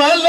ಮಲೋ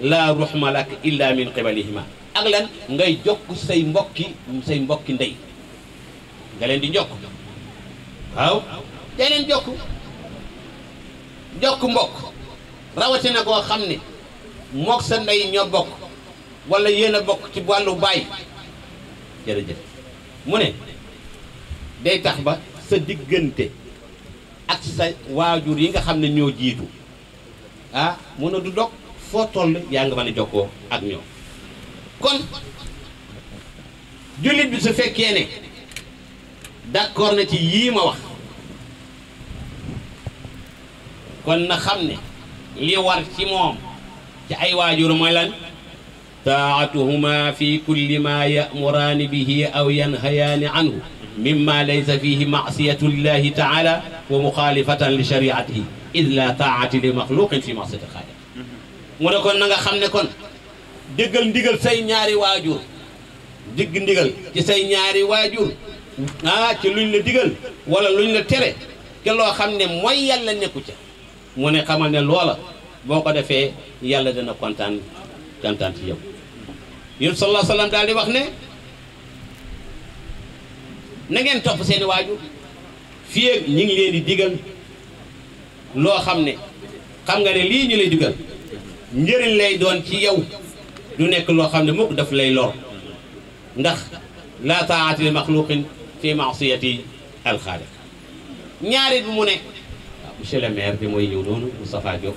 laa ruxma lak illa min qibalihima ak lan ngay jokk say mbokki say mbokki ndey nga leen di jokk waaw day leen jokk jokk mbokk rawati na koo xam ne mook sa ndey ñoo bokk walla yéen a bokk ci wàllu baay jërëjëf mu ne day tax ba sa diggante ak sa waajur yi nga xam ne ñoo jiitu ah mun a du dog foo toll yaa nga mën a jokkoo ak ñoom kon jullit bi su fekkee ne d'accord na ci yii ma wax kon na xam ne li war ci moom ci ay waajur mooy lan taatuhuma fi kulli ma yamuraani bihi aw yanhayaani anhu mimma laysa fihi maasiyatu llahi taala wa muxaalifatan li shariatihi id la taati li maxluqin fi maasiyati xaaliq mu ne kon na nga xam ne kon déggal ndigal say ñaari waajur digg ndigal ci say ñaari waajur ah ci luñ la digal wala luñ la tere te loo xam ne mooy yàlla nekku ca mu ne xamal ne loola boo ko defee yàlla dana kontaan kontaan ci yow yéen sallallahu daal di wax ne na ngeen topp seeni waajur fii ak ñi ngi leen di diggal loo xam ne xam nga ne lii ñu lay digal njëriñ lay doon ci yow du nek lo xamne ne daf lay lor ndax la ta'ati li maxluqin fi ma'siyati al khaliq ñaarit bu mu ne monsieur le maire bi moy ñëw doon Moustapha Diop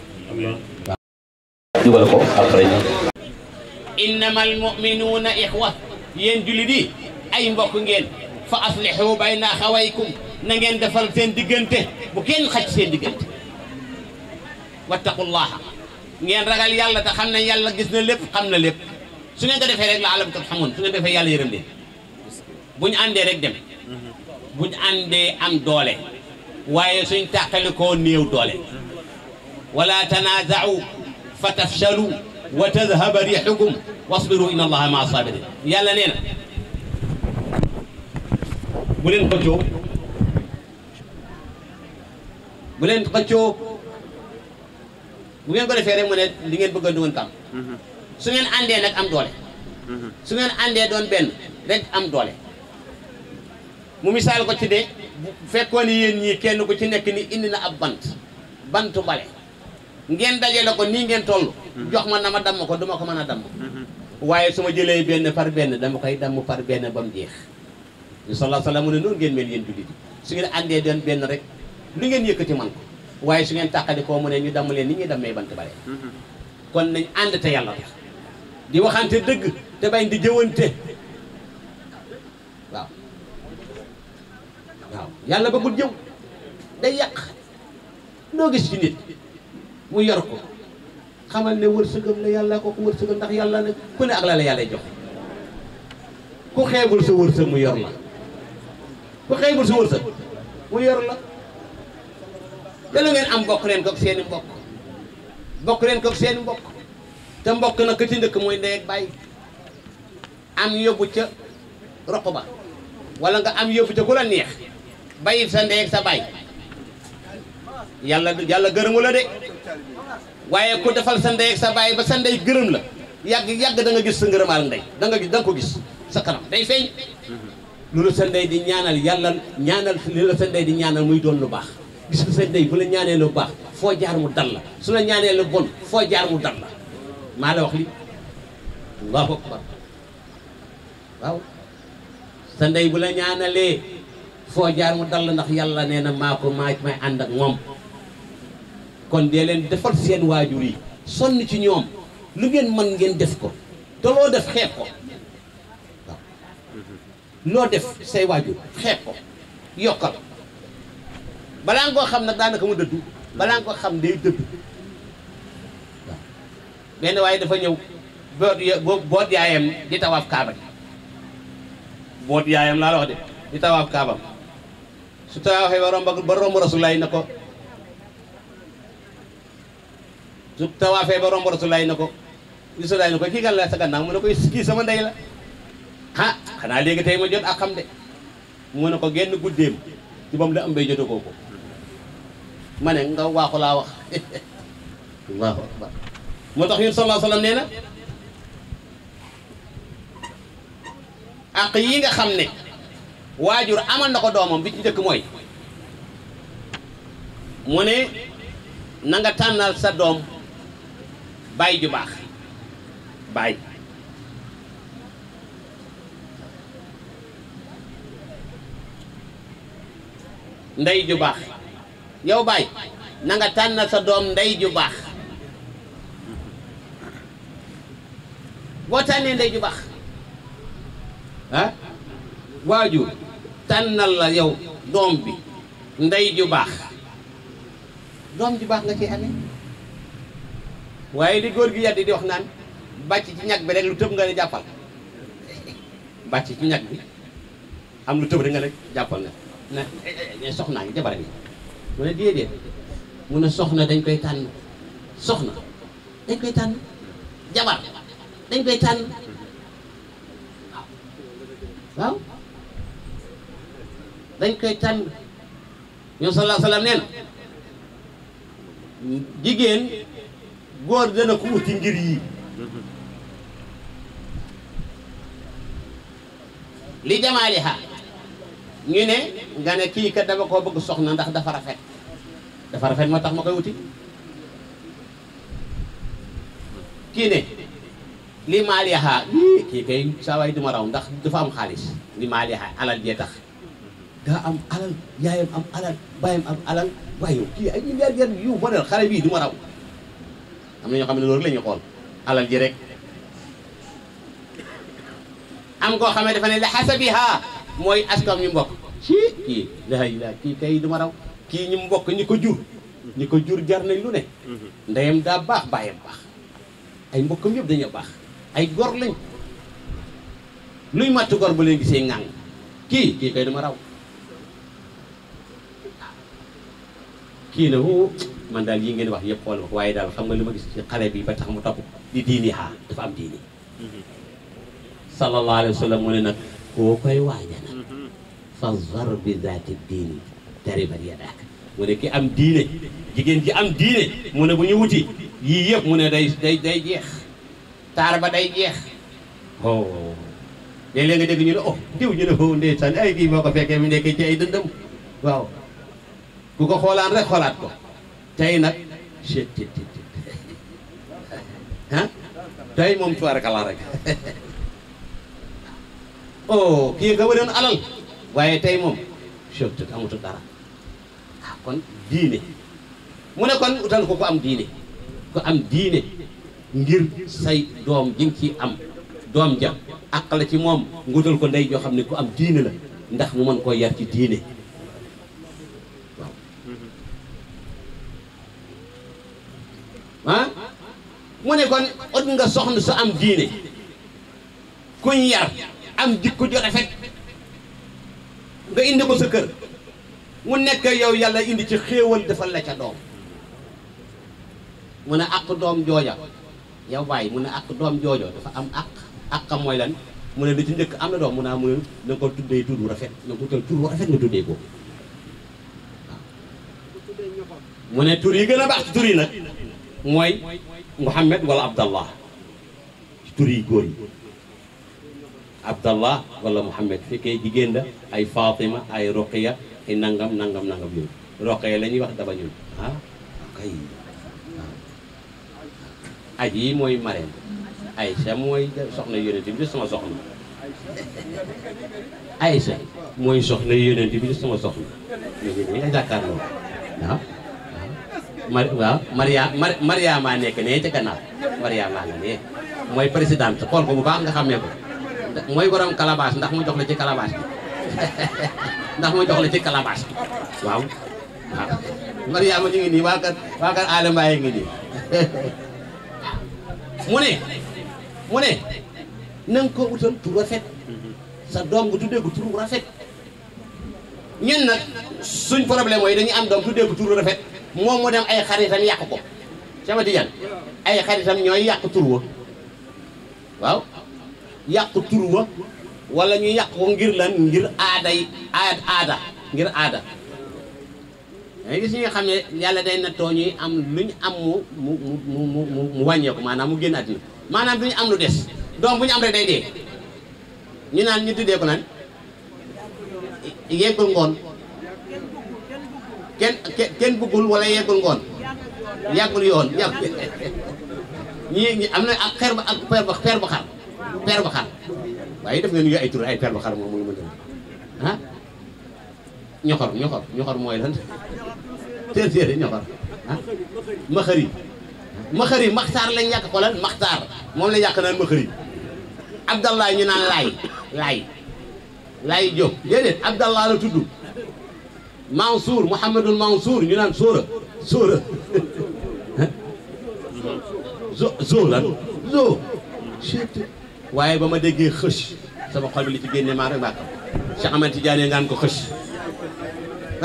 dugal ko après innama almuminuuna ixwa yéen julit yi ay mbokk ngeen fa aslixu bayna xawaykum na ngeen defal seen diggante bu kenn xaj seen ngeen ragal yàlla te xam nañ yàlla gis na lépp xam na lépp su ngeen ko defee rek la alam kat xamoon su ngeen defee yàlla yërëm leen bu ñu àndee rek dem bu ñu àndee am doole waaye suñ tàqalikoo néew doole wala tanaaza'u fa tafshalu wa tadhaba riixukum wasbiru inna allaha maa sabirin yàlla nee na bu leen xëccoo bu leen xëccoo bu ngeen ko defé rek mo ne li ngeen bëgg du ngeen tam am mhm. su ngeen andé nak am doole mhm. su ngeen andé doon ben rek am doolé mu misal ko ci de fekkone ni ñi kenn ku ci nekk ni indi na ab bant bantu balé ngeen dajé lako ni ngeen toll mhm. jox ma na ma damm ko duma ko mëna dam waye suma jëlé ben jëlee benn par benn dama koy dam par ben bam mu jeex sallallahu alaihi wasallam ne non ngeen mel yéen jullit su ngeen andé doon ben rek lu ngeen yëkëti man ko waaye su ngeen tàqalikoo mu ne ñu damm leen ni ñuy dammee bant bare mhm. kon nañ ànd te yàlla tax di waxante dëgg te bañ di jëwante waaw waaw yàlla bëggul jëw day yàq doo gis ci nit mu yor ko xamal ne wërsëgam la yàlla ko ko wërsëgam ndax yàlla nag ku ne ak la la yàlla jox ku xeebul sa wërsëg mu yor la ku xeebul sa wërsëg mu yor la te lu ngeen am bokk leen koog seen i mbokk bokk leen koog seen mbokk te mbokk nag ci ndëkk mooy ndey ak baay am yóbbu ca roq ba wala nga am yóbbu ca ku la neex bàyyi sa ndey sa baay yàlla yàlla gërëmu la de waaye ku defal sa ndey sa baay ba sa ndey gërëm la yàgg yàgg da nga gis sa ngërëmaal ndey da nga gis da ko gis sa kanam day feeñ. Mm-hmm. lu la sa ndey di ñaanal yàlla ñaanal li la sa ndey di ñaanal muy doon lu baax. gis nga sa ndey bu la ñaanee lu baax foo jaar mu dal la su la ñaanee lu bon foo jaar mu dal la maa la wax li allahu akbar sa ndey bu la ñaanalee foo jaar mu dal ndax yàlla nee na maa ko maa may ànd ak moom kon dee leen defal seen waajur yi sonn ci ñoom lu ngeen mën ngeen def ko te loo def xeex ko loo def say waajur xeex ko yokkal balaa nga koo xam nag daanaka mu dëddu balaa nga ko xam day dëddu waaw waaye dafa ñëw boot yaayam di tawaaf kaaba gi boot yaayam laa la de di tawaaf kaabam su tawaafee ba romb ba romb na ko su tawaafee ba romb rasulaay na ko rasulaay na ko kii kan la sa mu ne ko kii sama ndey la ah xanaa léegi tey ma jot ak xam de mu ne ko genn guddeem ci la ëmbee jotagoo ko ma ne nga waaxu laa wax allahu akbar moo tax yun sallallahu alayhi wa nee na àq yii nga xam ne waajur amal na ko doomam bi ci njëkk mooy mu ne na nga tànnal sa doom bàyyi ju baax bàyyi ndey ju baax yow bay na nga tan sa dom ndey ju bax boo tànnee ndey ju baax ah waajur tànnal la yow dom bi ndey ju bax dom ju bax nga ci ane waye li gor gi yaddi di wax nan bacc ci ñak bi rek lu nga ni jappal bacc ci ñak bi am lu tëb rek nga rek jappal na na soxna ngi jabar mu ne déedéet mu ne soxna dañ koy tànn soxna dañ koy tànn jabar dañ koy tànn dañ koy tànn ñoom sallallahu alayhi wa sallam nee na jigéen góor dana ko uti ngir yii li jamaaliha ñu ne nga ne kii kat dama koo bëgg soxna ndax dafa rafet dafa rafet motax tax koy wuti ki ne li maliha ki kii kay saa waay duma raw ndax fa am khalis li maliha alal je tax da am alal yaayam am alal bayam am alal ki ay ñu leer leer yu bonel xale bii duma raw am ñu xamne xam ne loolu la ñuy alal je rek am ko xamne dafa ne la xasabiha moy askam ñu mbokk ci kii iya. la ilaha ki kay duma raw kii ñi mbokk ñi ko jur ñi ko jur jar nañ lu ne mhm. ndeyam daa baax baayam baax ay mbokkam yépp dañu baax ay gor lañ luy màtt gor ba leen gisee ŋàng kii kii kay dama raw kii na woo man daal yi ngeen wax yépp xool ma waaye daal xam nga li ma gis ci xale bi ba tax mu topp di diini xaa dafa am diini mhm. sallallahu alayhi wa sallam mu ne nag koo koy waaja nag mhm. fa zar bi zaati diini bari bari yadaaka mu ne am diine jigéen ji am diine mu ne bu ñu wuti yii yëpp mu ne day day day jeex taar ba day jeex oh, oh, oh. léeg-léeg nga dégg ñu ne oh diw ñu ne foofu oh, ndeysaan ay kii moo ko fekkee mu nekkee ci ay dëndëm waaw ku ko xoolaan rek xoolaat ko tey nag chet tit tit ah tey moom kii nga waroon alal waaye tey moom chet tit amatu dara kon diine mu ne kon utal ko ku am diine ku am diine ngir say doom ji ci am doom ja àq la ci moom ngutal ko ndey joo xam ne ku am diine la ndax mu mën koo yar ci diine waaw ah mu ne kon ut nga soxna su am diine kuñ yar am jikko ju rafet nga indi ko sa kër mu nekk yow yàlla indi ci xéewal defal la ca doom mu ne àq doom jooja yow bàyyi mu ne àq doom joojo dafa am àq àqam mooy lan mu ne li ci njëkk am na doom mu naa mu ne na ko tuddee tur bu rafet na ko tur bu rafet nga tuddee ko mu ne tur yi gën a baax ci tur yi nag mooy Mouhamed wala Abdallah ci tur yi góor yi Abdallah wala Mouhamed fekkee jigéen la ay Fatima ay Ruqiya ay nangam nangam nangam yooyu roqee la ñuy wax daba ñun ah kay Ay, yi mare marraine Aïcha mooy soxna yonent bi di sama soxna Aïcha mooy soxna yonent bi di sama soxna léegi dañ nga jàkkaarloo waaw mar waaw Maria Mariama nekk nee ca gannaaw mana nga nee mooy présidente xool ko bu baax nga xamee ko mooy borom calebasse ndax mu jox la ci calebasse Nah mau jual la ci wow. waaw waaw Mariama ini, ngi nii alam bayang ini. kër Aada Mbaye ngi nii mu ne mu ne na nga ko utal tur rafet sa doom nga tuddee ko tur rafet ñun nag suñ problème mooy dañuy am doom tuddee ko tur rafet moom mu dem ay xaritam ko sama Tidiane ay xaritam Wow. yàq tur wala ñu yàq ko ngir lan ngir aaday aad aada ngir aada danga gis ñi nga xam ne yàlla day nattoo ñuy am lu ñu am mu mu mu mu mu wàññeeku maanaam mu génn àddina maanaam du ñu am lu des doom bu ñu am rek day dee ñu naan ñu tuddee ko naan yeggul ngoon kenn kenn bëggul wala yeggul ngoon yàggul yoon yàgg ñi am na ak xeer ba ak peer ba xar peer ba xar waaye def nga ñu ay tur ay perba xaram moom la ma jëm ah ñoxor ñoxor ñoxor mooy lan téer téer ñoxor ah maxari maxari maxtaar lañ yàq xoolal maxtaar moom lañ yàq naan maxari abdallah ñu naan laay laay laay Diop déedéet abdallah la tudd Mansour Mouhamadul Mansour ñu naan sóora sóora zo zo lan zo waye bama ma xëss sama xol bi li ci génné ma rek bàkk Cheikh Ahmed Tidiane ngaan ko xëss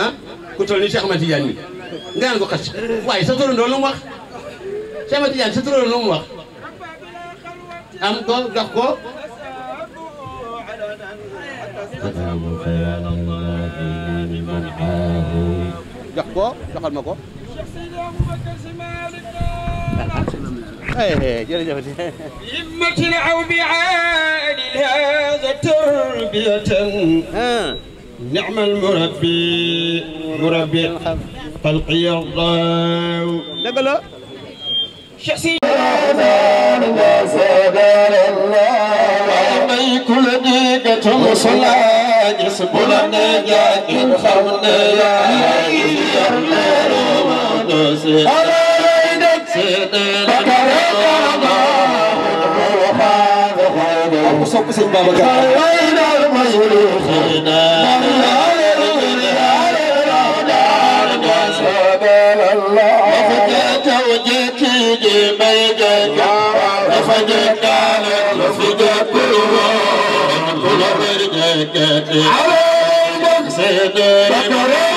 ah ku tol ni Cheikh Ahmed Tidiane mi ngaan ko xëss waye sa do lu wax Cheikh Ahmed Tidiane sa turandoo lu wax am ko dox ko dox ko doxal ma ko العوبي العوبعان هذا تربية نعم المربي مربي خلقي الله نقله شخصي كل دقيقة صلاة يسبل نجاة خمنا يا يا يا sopp sëñ Babacar عليك سيدي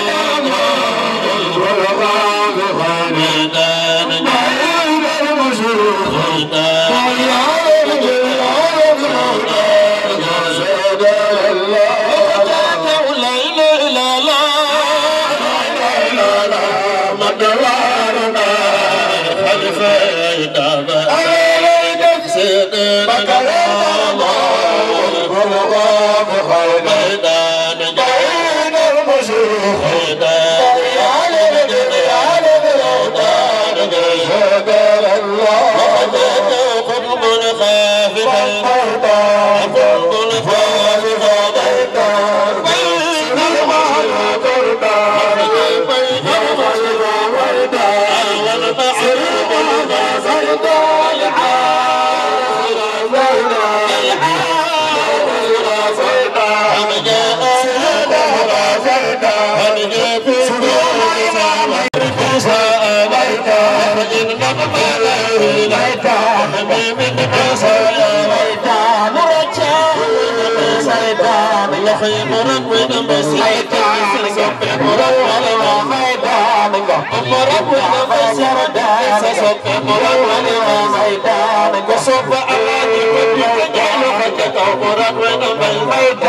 خيبرك ونمسيت سسوك مرو ولو خيبانك مرو ونمسيت سسوك مرو ولو خيبانك وصوف الله يمدك جعلك مرو ونمسيت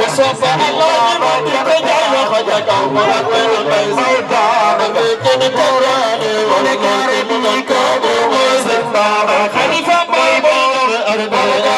وصوف الله يمدك جعلك مرو ونمسيت لكن تراني ولكن منك وزنبار خليفة بابا أربعة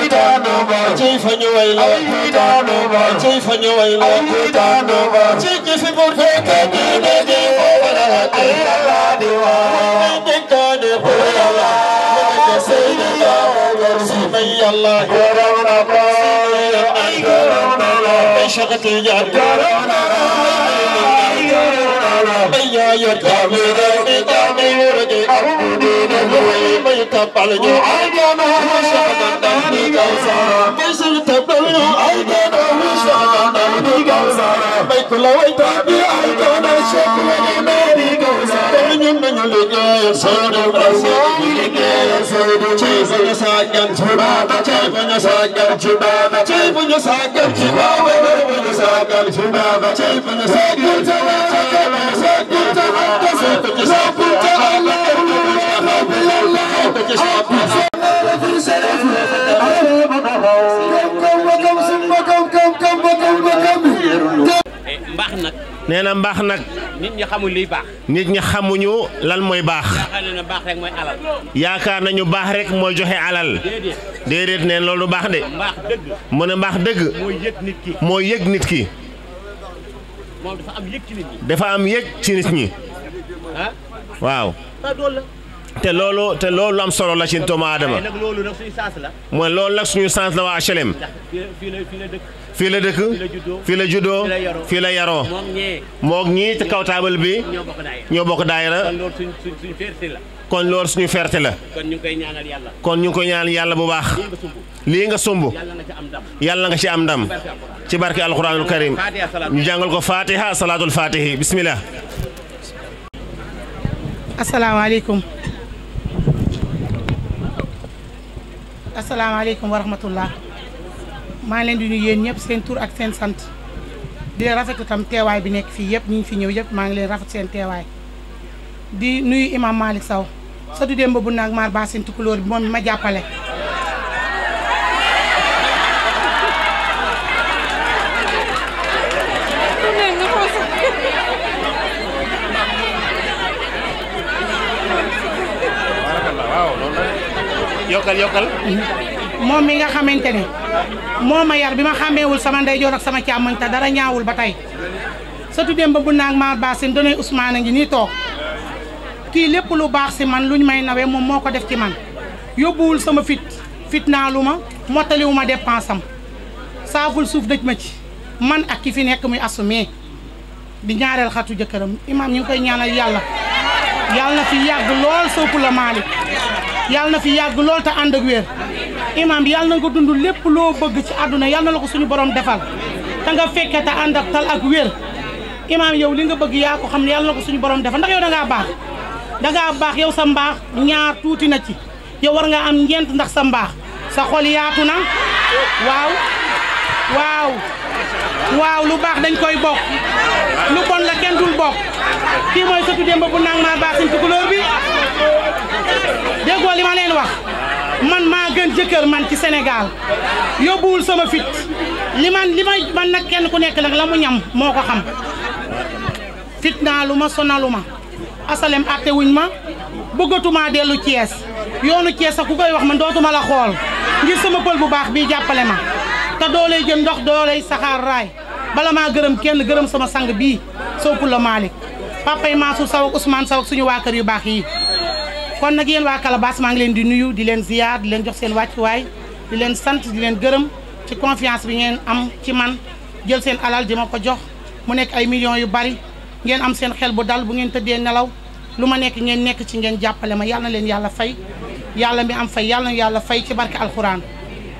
ci fa ñu way la ci fa ñu way la ci ci fi bu fekke ni ne di ko wala di la di wa ni ka ne ko la ni ka sey ni ya wa si may allah ya rawna ba ay rawna la shaqat al jahl rawna ay rawna la ya ya ta mi da mi ta mi تبل جو عيدنا وشهد النبي كوثر بشر تبل جو عيدنا وشهد النبي كوثر بيت لويت بعيدنا شكل النبي كوثر من من لجاي صار برسول لجاي صار كيف نساجم شبابا كيف نساجم شبابا كيف نساجم شبابا كيف نساجم شبابا كيف نساجم شبابا كيف نساجم شبابا كيف نساجم شبابا mbaax nag. nee na mbaax nag. nit ñi nit ñi xamuñu lan mooy baax. yaakaar nañu baax rek mooy baax rek mooy joxe alal. déedéet déedéet neen loolu baax de. mu ne mbaax dëgg. mooy yëg nit ki. mooy am yëg ci nit ñi. dafa am yëg ci nit ñi. Ah? waaw. te loolu te loolu am solo la ci doomu aadama loolu mooy loolu nag suñu sens la waa HLM fii la dëkk fii la juddoo fii la yaroo moog ñii ci kaw taabal bi ñoo bokk daayira kon loolu suñu fierté la kon ñu ngi koy ñaanal yàlla bu baax lii nga sumb yàlla nga ci am ndam ci barke alquranul karim ñu jàngal ko fatiha salaatul fatihi bismillah asalaamaaleykum wa rahmatullah maa ngi leen di nuyu yéen ñëpp seen tuur ak seen sant di leen rafetlu tam teewaay bi nekk fii yëpp ñu ngi fi ñëw yëpp maa ngi leen rafet seen teewaay di nuyu imam Malick Sow sa du démb bu nag maar baa seen tukulóor bi moom mi ma jàppale yokal yokal mom mi nga xamantene moma yar bima xamewul sama sama jor ak sama càmmoñ ta dara ñaawul ba sa satu dem ba bu nak ma baasin donay Ousmane ngi ni tok ki lepp lu bax ci man luñ may nawé mom moko def ci man yobul sama fit fit luma motali wuma dépensam ma dépense am ma ci man ak ki fi nek muy assumé di ñaarel xatu jëkëram imam ñu koy ñaanal yalla yalla fi yag lool soppu la malik yalla na fi yag lool ta and ak wer imam yàlla na nga dundul lepp lo beug ci aduna yalla na lako suñu borom defal ta nga fekke ta and ak tal ak wer imam yow li nga beug ya ko xamni yalla nako suñu borom defal ndax yow bax da nga bax yow sa mbax ñaar tuti na ci yow war nga am ngent ndax sa mbax sa xol yaatuna waw waw waw lu bax dañ koy bok lu bon la kenn dul kii mooy sëtu démb bu nang maa baax suñ tukulóor bi déggoo li ma leen wax man maa gën jëkkër man ci Sénégal yóbbuwul sama fit liman man man nag kenn ku nekk nag la mu ñam moo ko xam fit naa lu ma sonalu ma asalem atte wuñ ma bëggatuma dellu Thiès yoonu Thiès sax ku koy wax man dootuma la xool ngir sama pël bu baax bii jàppale ma te doo lay ndox doo lay saxaar bala maa gërëm kenn gërëm sama sang bii soo la Malick papay Mansour Sow ak Ousmane suñu waa kër yu baax yi kon nag yéen waa Calebasse maa ngi leen di nuyu di leen ziyaar di leen jox seen wàccuwaay di leen sant di leen gërëm ci confiance bi ngeen am ci man jël seen alal di ma ko jox mu nekk ay millions yu bari ngeen am seen xel bu dal bu ngeen tëddee nelaw lu ma nekk ngeen nekk ci ngeen jàppale ma yàlla na leen yàlla fay yàlla mi am fay yàlla na yàlla fay ci barke alxuraan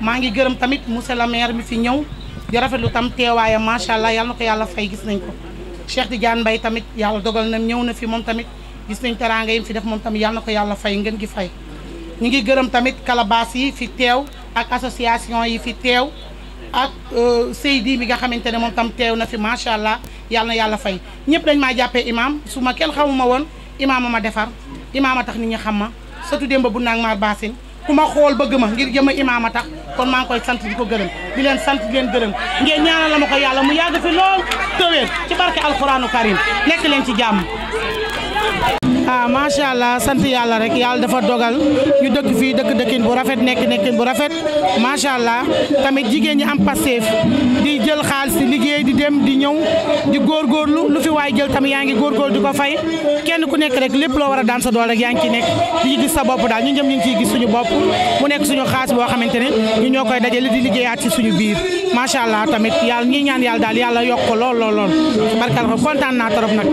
maa ngi gërëm tamit monsieur le maire mi fi ñëw di rafetlu tam teewaayam macha allah yàlla na yàlla fay gis nañ Cheikh Tidiane mbay tamit yàlla dogal na ñëw na fi moom tamit gis nañ teraanga yim fi def moom tamit yàlla ko yàlla fay ngeen gi fay ñu ngi gërëm tamit kalabaas yi fi teew ak association yi fi teew ak euh, Seydi bi nga xamante ne moom tam teew na fi macha allah yàlla yàlla fay ñëpp dañ maa jàppee imam su ma kenn xamuma woon imaama ma defar imaama tax nit ñi xam ma surtout démb bu naag maar baasin ku ma xool ba ma ngir jëm a imaama tax kon maa ngi koy sant di ko gërëm di leen sant di gërëm ngeen ñaanal la ma ko yàlla mu yaa fi lool tëwéer ci barke alxuraanu karim nekk leen ci jàmm ah macha allah sant yàlla rek yàlla dafa dogal ñu dëkk fii dëkk dëkkin bu rafet nekk nekkin bu rafet macha allah tamit jigéen ñi am passeef di jël xaalis di liggéey di dem di ñëw di góor lu fi waay jël tamit yaa ngi góorgóorlu di ko fay kenn ku nekk rek lépp loo war a daan sa dool rek yaa ngi ciy nekk di gis sa bopp daal ñu ñëm ñu ngi ciy gis suñu bopp mu nekk suñu xaalis boo xamante ne ñu ñoo koy dajale di liggéeyaat ci suñu biir macha allah tamit yàlla ñi ñaan yàlla daal yàlla yokk ko lool lool lool barkal ko kontaan naa trop nag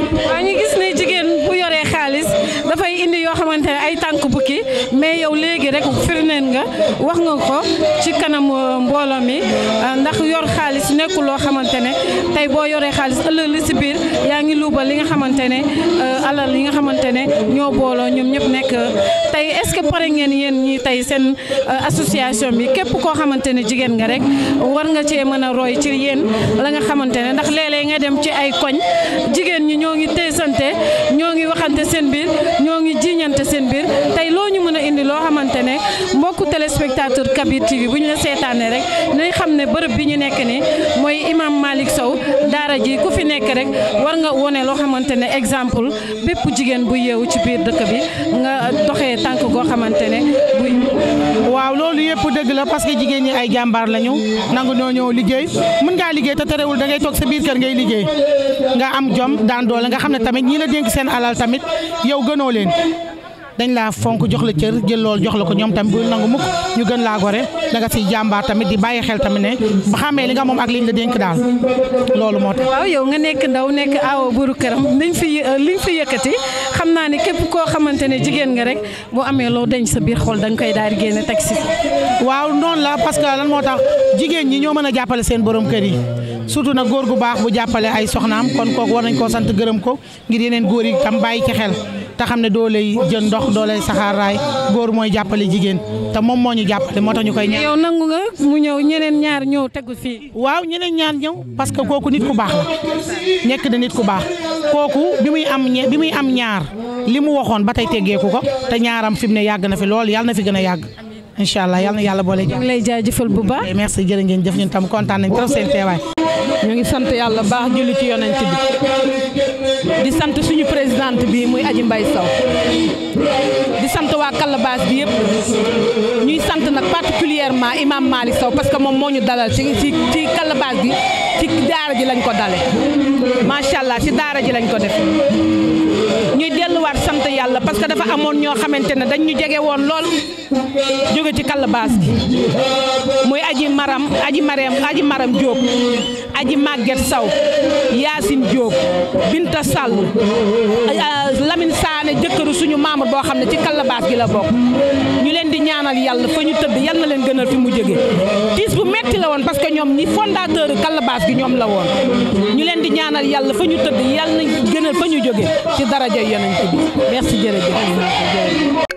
dafay indi yoo xamante ne ay tànk bukki mais yow léegi rek firneen nga wax nga ko ci kanam euh, mbooloo mi euh, ndax yor xaalis nekkul loo xamante ne tey boo yoree xaalis ëllëg li si biir yaa ngi luubal li nga xamante ne euh, alal yi nga xamante ne ñoo booloo ñoom ñëpp nekk tey est-ce que pare ngeen yéen ñi tey seen association bi képp koo xamante ne jigéen nga rek war nga cee mën a roy ci yéen la nga xamante ne ndax léeg nga dem ci ay koñ jigéen ñi ñoo ngi teesante ñoo waxante seen biir ñoo ngi jiiñante seen biir tey loo ñu mën a indi loo xamantene ne mbokku téléspectateur Kabir TV bu ñu la seetaanee rek nañ xam ne bërëb bi ñu nekk ni mooy imam Malik Sow daara ji ku fi nekk rek war nga wone loo xamantene ne exemple bépp jigéen bu yeewu ci biir dëkk bi nga doxee tànk goo xamantene ne waaw loolu yépp dëgg la parce que jigéen ñi ay jàmbaar lañu nangu ñoo ñëw liggéey mën ngaa liggéey te terewul da ngay toog sa biir kër ngay liggéey nga am jom daan doole nga xam ne tamit ñi la dénk seen alal tamit yow gënoo leen dañ laa fonk jox la cër jël lool jox la ko ñoom tamit bu nangu mukk ñu gën laa gore danga nga siy jàmbaar tamit di bàyyi xel tamit ne ba xamee li nga moom ak liñ la dénk daal loolu moo tax. waaw yow nga nekk ndaw nekk awo buru këram liñ fi liñ fi yëkkati xam naa ne képp koo xamante ne jigéen nga rek boo amee loo dañ sa biir xol da nga koy daal di génne teg si. waaw noonu la parce que lan moo tax jigéen ñi ñoo mën a jàppale seen borom kër yi. surtout na góor gu baax bu jàppale ay soxnaam kon kooku war nañ koo sant gërëm ko ngir yeneen góor yi tam bàyyi ci xel te xam ne doo lay jën ndox doo lay saxaaraay góor mooy jàppale jigéen te moom moo ñu jàppale moo tax ñu koy ñaan yow nangu nga mu ñëw ñeneen ñaar ñëw tegu fii waaw ñeneen ñaar ñëw parce que kooku nit ku baax nekk na nit ku baax kooku bi muy am bi muy am ñaar li mu waxoon ba tey teggeeku ko te ñaaram fi mu ne yàgg na fi lool yàlla na fi gën a yàgg incha allah yal yàlla boole. ñu ngi bu baax merci jërë ngeen jëf ñun tam kontaan nañ trop seen teewaay. ñu ngi sant yàlla baax julli ci yonent bi di sant suñu président bi muy Aji Mbay Saw di sant waa Calebasse bi yëpp ñuy sant nag particulièrement imam Malick Saw parce que moom moo ñu dalal ci ci ci Calebasse bi ci daara ji lañ ko dale macha allah ci daara ji lañ ko def ñuy delluwaat sant yàlla parce que dafa amoon ñoo xamante ne dañ ñu jege woon lool jóge ci kàllabaas gi muy aji maram aji maram aji maram Diop aji Maguette Saw Yacine Diop Binta Sall Lamine Sall ne jëkkëru suñu membre boo xam ne ci kalabaas gi la bokk ñu leen di ñaanal yàlla fa ñu tëdd yal na leen gënal fi mu jógee tiis bu metti la woon parce que ñoom ñi fondateur kalabaas gi ñoom la woon ñu leen di ñaanal yàlla fa ñu tëdd yal na gënal fa ñu jógee ci daraja yonent bi merci jërëjëf